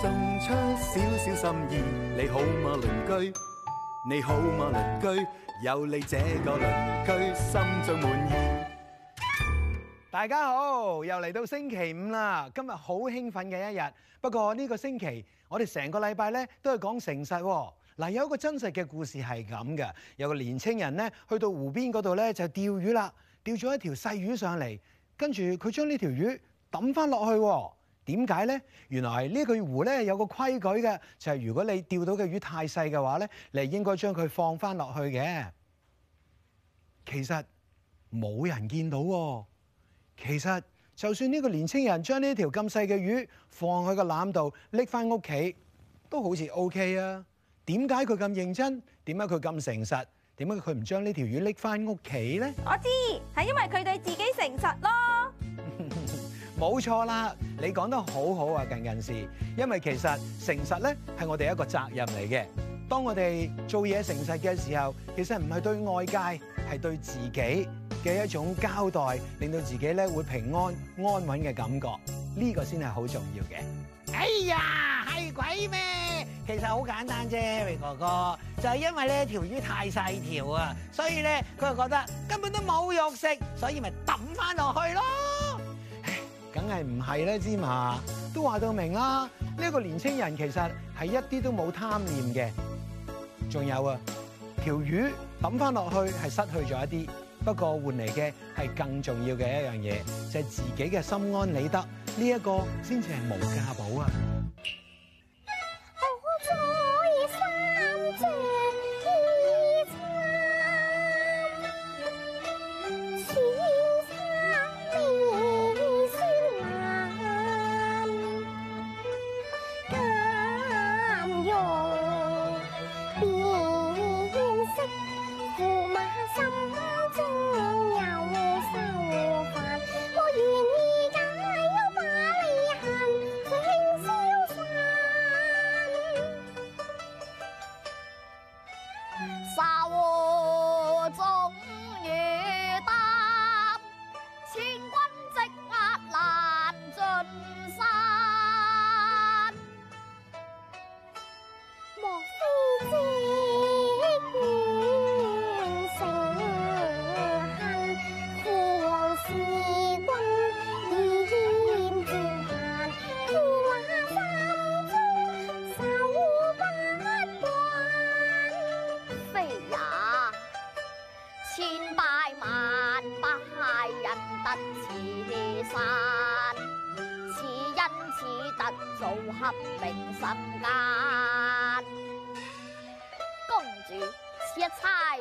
送出少少心意，你好嘛，鄰居？你好嘛，鄰居？有你這個鄰居，心中滿意。大家好，又嚟到星期五啦！今日好興奮嘅一日。不過呢個星期，我哋成個禮拜咧都係講誠實。嗱，有一個真實嘅故事係咁嘅，有個年青人咧去到湖邊嗰度咧就釣魚啦，釣咗一條細魚上嚟，跟住佢將呢條魚抌翻落去。點解呢？原來呢個湖咧有個規矩嘅，就係如果你釣到嘅魚太細嘅話咧，你應該將佢放翻落去嘅。其實冇人見到喎。其實就算呢個年青人將呢條咁細嘅魚放去個籃度拎翻屋企，都好似 O K 啊。點解佢咁認真？點解佢咁誠實？點解佢唔將呢條魚拎翻屋企呢？我知，係因為佢對自己誠實咯。冇錯啦，你講得好好啊！近近事，因為其實誠實咧係我哋一個責任嚟嘅。當我哋做嘢誠實嘅時候，其實唔係對外界，係對自己嘅一種交代，令到自己咧會平安安穩嘅感覺。呢個先係好重要嘅。哎呀，係鬼咩？其實好簡單啫，Ray 哥哥，就係因為呢條魚太細條啊，所以咧佢就覺得根本都冇肉食，所以咪抌翻落去咯。梗係唔係咧？芝麻都話到明啦，呢一個年青人其實係一啲都冇貪念嘅。仲有啊，條魚抌翻落去係失去咗一啲，不過換嚟嘅係更重要嘅一樣嘢，就係自己嘅心安理得，呢一個先至係無價寶啊！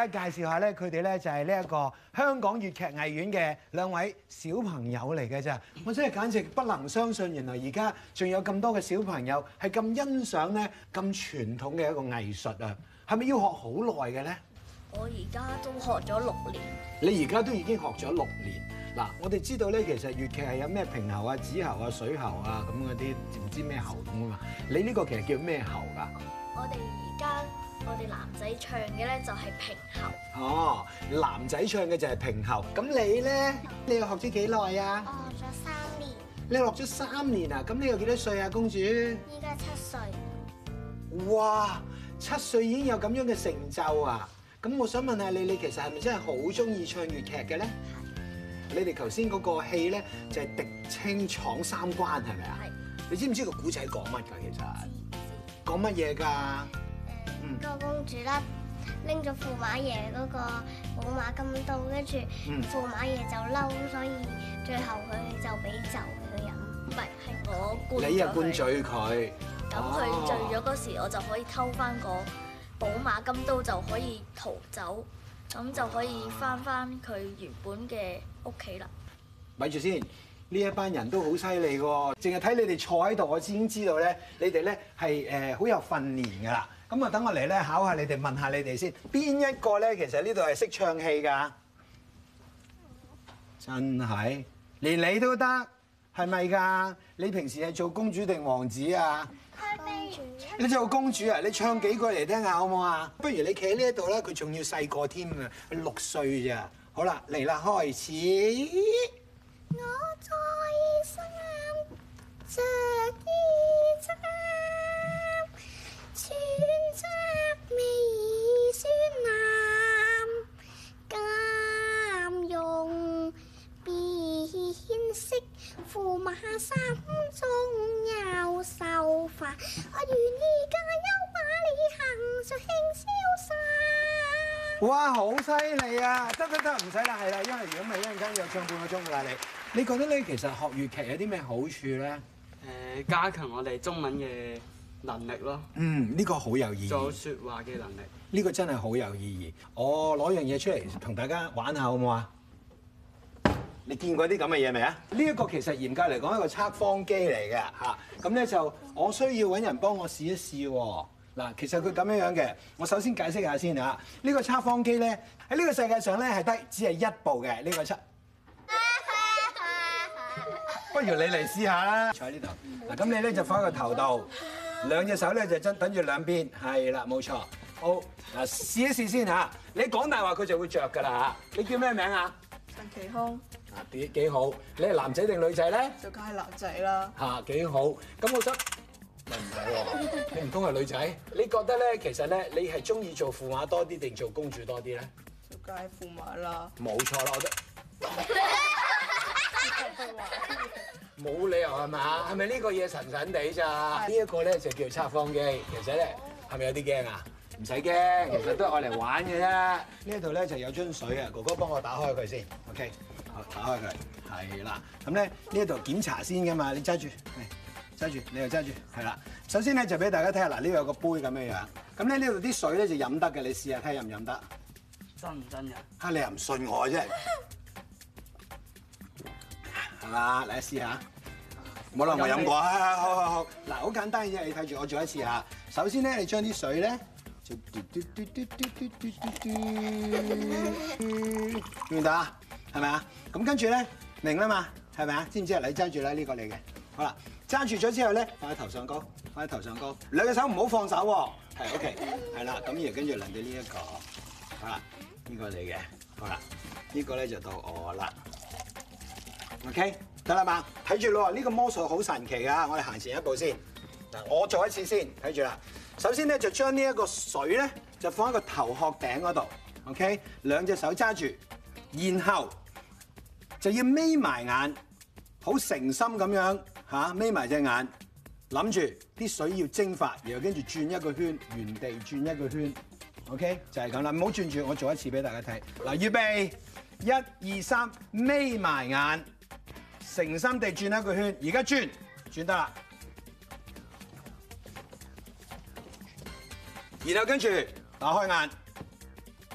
而家介紹下咧，佢哋咧就係呢一個香港粵劇藝院嘅兩位小朋友嚟嘅啫。我真係簡直不能相信，原來而家仲有咁多嘅小朋友係咁欣賞咧咁傳統嘅一個藝術啊！係咪要學好耐嘅咧？我而家都學咗六年。你而家都已經學咗六年嗱，我哋知道咧，其實粵劇係有咩平喉啊、子喉啊、水喉啊咁嗰啲，唔知咩喉咁啊嘛。你呢個其實叫咩喉㗎？我哋而家。我哋男仔唱嘅咧就係平喉，哦，男仔唱嘅就係平喉。咁你咧，你又學咗幾耐啊？學咗三年。你學咗三年啊？咁你有幾多歲啊？公主？依家七歲。哇，七歲已經有咁樣嘅成就啊！咁我想問下你，你其實係咪真係好中意唱粵劇嘅咧？係的。你哋頭先嗰個戲咧就係《狄青闖三關》，係咪啊？係的。你知唔知個古仔講乜噶？其實講乜嘢噶？嗰個公主啦，拎咗駙馬爺嗰個寶馬金刀，跟住駙馬爺就嬲，所以最後佢就俾酒佢飲，唔係係我灌佢。你係灌醉佢，咁佢醉咗嗰時，哦、我就可以偷翻個寶馬金刀，就可以逃走，咁就可以翻翻佢原本嘅屋企啦。咪住先，呢一班人都好犀利喎，淨係睇你哋坐喺度，我先知道咧，你哋咧係誒好有訓練噶啦。咁啊，等我嚟咧考下你哋，問下你哋先，邊一個咧？其實呢度係識唱戲噶，真係連你都得，係咪噶？你平時係做公主定王子啊？公主。你做公主啊？你唱幾句嚟聽下好唔好啊？不如你企喺呢一度啦，佢仲要細個添啊，佢六歲咋？好啦，嚟啦，開始。我心中有受煩，我願意加幽把你行，盡消散。哇，好犀利啊！得得得，唔使啦，係啦，因為如果唔係一陣間又唱半個鐘噶啦，你你覺得你其實學粵劇有啲咩好處咧？誒，加強我哋中文嘅能力咯。嗯，呢個好有意義。做說話嘅能力。呢個真係好有意義。我攞樣嘢出嚟同大家玩一下，好唔好啊？你見過啲咁嘅嘢未啊？呢一個其實嚴格嚟講係一個測謊機嚟嘅嚇。咁、啊、咧就我需要揾人幫我試一試喎。嗱、啊，其實佢咁樣樣嘅，我首先解釋下先嚇。這個、測謊機呢個測謊機咧喺呢個世界上咧係得只係一部嘅呢個測， 不如你嚟試下啦。坐喺像、啊、呢度嗱，咁你咧就翻、啊、個頭度，兩隻手咧就真等住兩邊，係啦，冇錯。好嗱，試、啊、一試先嚇。你講大話佢就會着㗎啦嚇。你叫咩名啊？陳其康。幾幾好，你係男仔定女仔咧？就梗係男仔啦。吓，幾好。咁我想問，唔使喎，你唔通係女仔？你覺得咧，其實咧，你係中意做駙馬多啲定做公主多啲咧？就梗係駙馬啦。冇錯啦，我都冇理由係嘛？係咪呢個嘢，神神地咋？呢一個咧就叫做測謊機，其實咧係咪有啲驚啊？唔使驚，其實都係攞嚟玩嘅啫。呢度咧就有樽水啊，哥哥幫我打開佢先，OK。打開佢，係啦，咁咧呢度，檢查先噶嘛，你揸住，揸住，你又揸住，係啦。首先咧就俾大家睇下，嗱呢度有個杯咁樣樣，咁咧呢度啲水咧就飲得嘅，你試下睇下飲唔飲得。真唔真嘅？哈你又唔信我啫？係嘛， 嚟試下。冇理我飲過，好好好，嗱好，好，好簡單嘅啫，你睇住我做一次吓。首先咧，你將啲水咧。咪得。 係咪啊？咁跟住咧，明啦嘛，係咪啊？知唔知啊？你揸住咧呢個你嘅。好啦，揸住咗之後咧，放喺頭上高，放喺頭上高，兩隻手唔好放手喎、啊，係 OK，係啦，咁然跟住嚟到呢一個，好啦，呢個你嘅。好啦，呢個咧就到我啦，OK，得啦嘛，睇住啦，呢個魔術好神奇啊，我哋行前一步先，嗱，我做一次先，睇住啦，首先咧就將呢一個水咧就放喺個頭殼頂嗰度，OK，兩隻手揸住。然後就要眯埋眼，好誠心咁樣吓，眯埋隻眼，諗住啲水要蒸發，然後跟住轉一個圈，原地轉一個圈，OK 就係咁啦，唔好轉住，我做一次俾大家睇。嗱，預備，一二三，眯埋眼，誠心地轉一個圈，而家轉，轉得啦，然後跟住打開眼，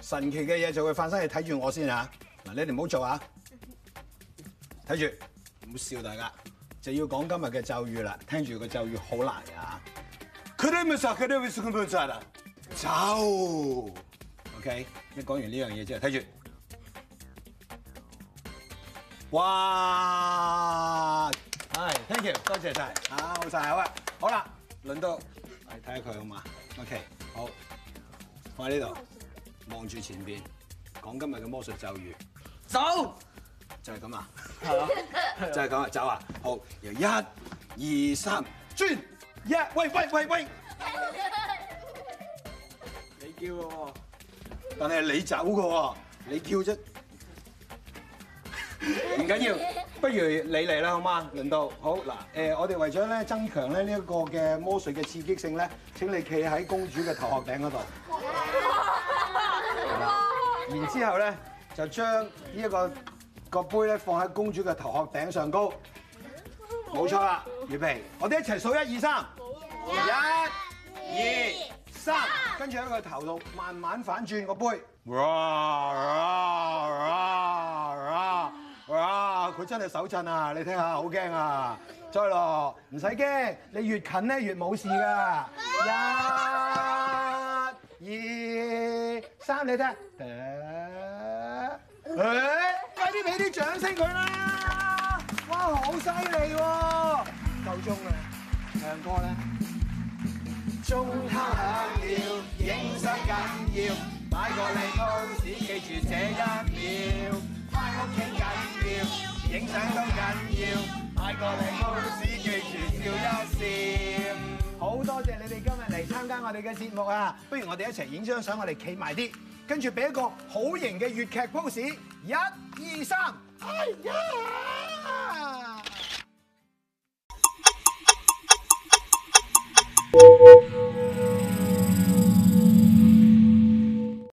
神奇嘅嘢就會發生，你睇住我先吓。你哋唔好做啊！睇住，唔好笑大家，就要講今日嘅咒語啦。聽住個咒語好難嘅、啊、嚇，佢哋唔識，佢哋會輸，根本就係啦。走，OK，你講完呢樣嘢之後，睇住。哇！係，Thank you，多謝晒，吓，好晒，好啊，好啦，輪到嚟睇下佢好嘛？OK，好，放喺呢度望住前邊，講今日嘅魔術咒語。走，就係咁啊，就係咁啊，走啊！好，由一、二、三，轉一，喂喂喂喂，你叫喎，但係你走㗎喎，你叫啫，唔緊要，不如你嚟啦，好嗎？輪到，好嗱，誒，我哋為咗咧增強咧呢一個嘅魔術嘅刺激性咧，請你企喺公主嘅頭殼頂嗰度，係啦，然之後咧。就將呢一個個杯咧放喺公主嘅頭殼頂上高沒，冇錯啦，預備，我哋一齊數一二三，一、二、三，跟住喺佢頭度慢慢反轉個杯，哇哇哇，佢真係手震啊，你聽下，好驚啊！再落，唔使驚，你越近咧越冇事㗎，一、二、三，你聽。誒，快啲俾啲掌聲佢啦！哇，好犀利喎！夠鐘啦，唱歌咧。鐘敲響了，影相緊要，擺個靚 pose 記住這一秒，返屋企緊要，影相都緊要，擺個靚 pose 記住笑一笑。好多謝你哋今日嚟參加我哋嘅節目啊！不如我哋一齊影張相，我哋企埋啲。跟住俾一個好型嘅粵劇 pose，一、二、三，哎呀！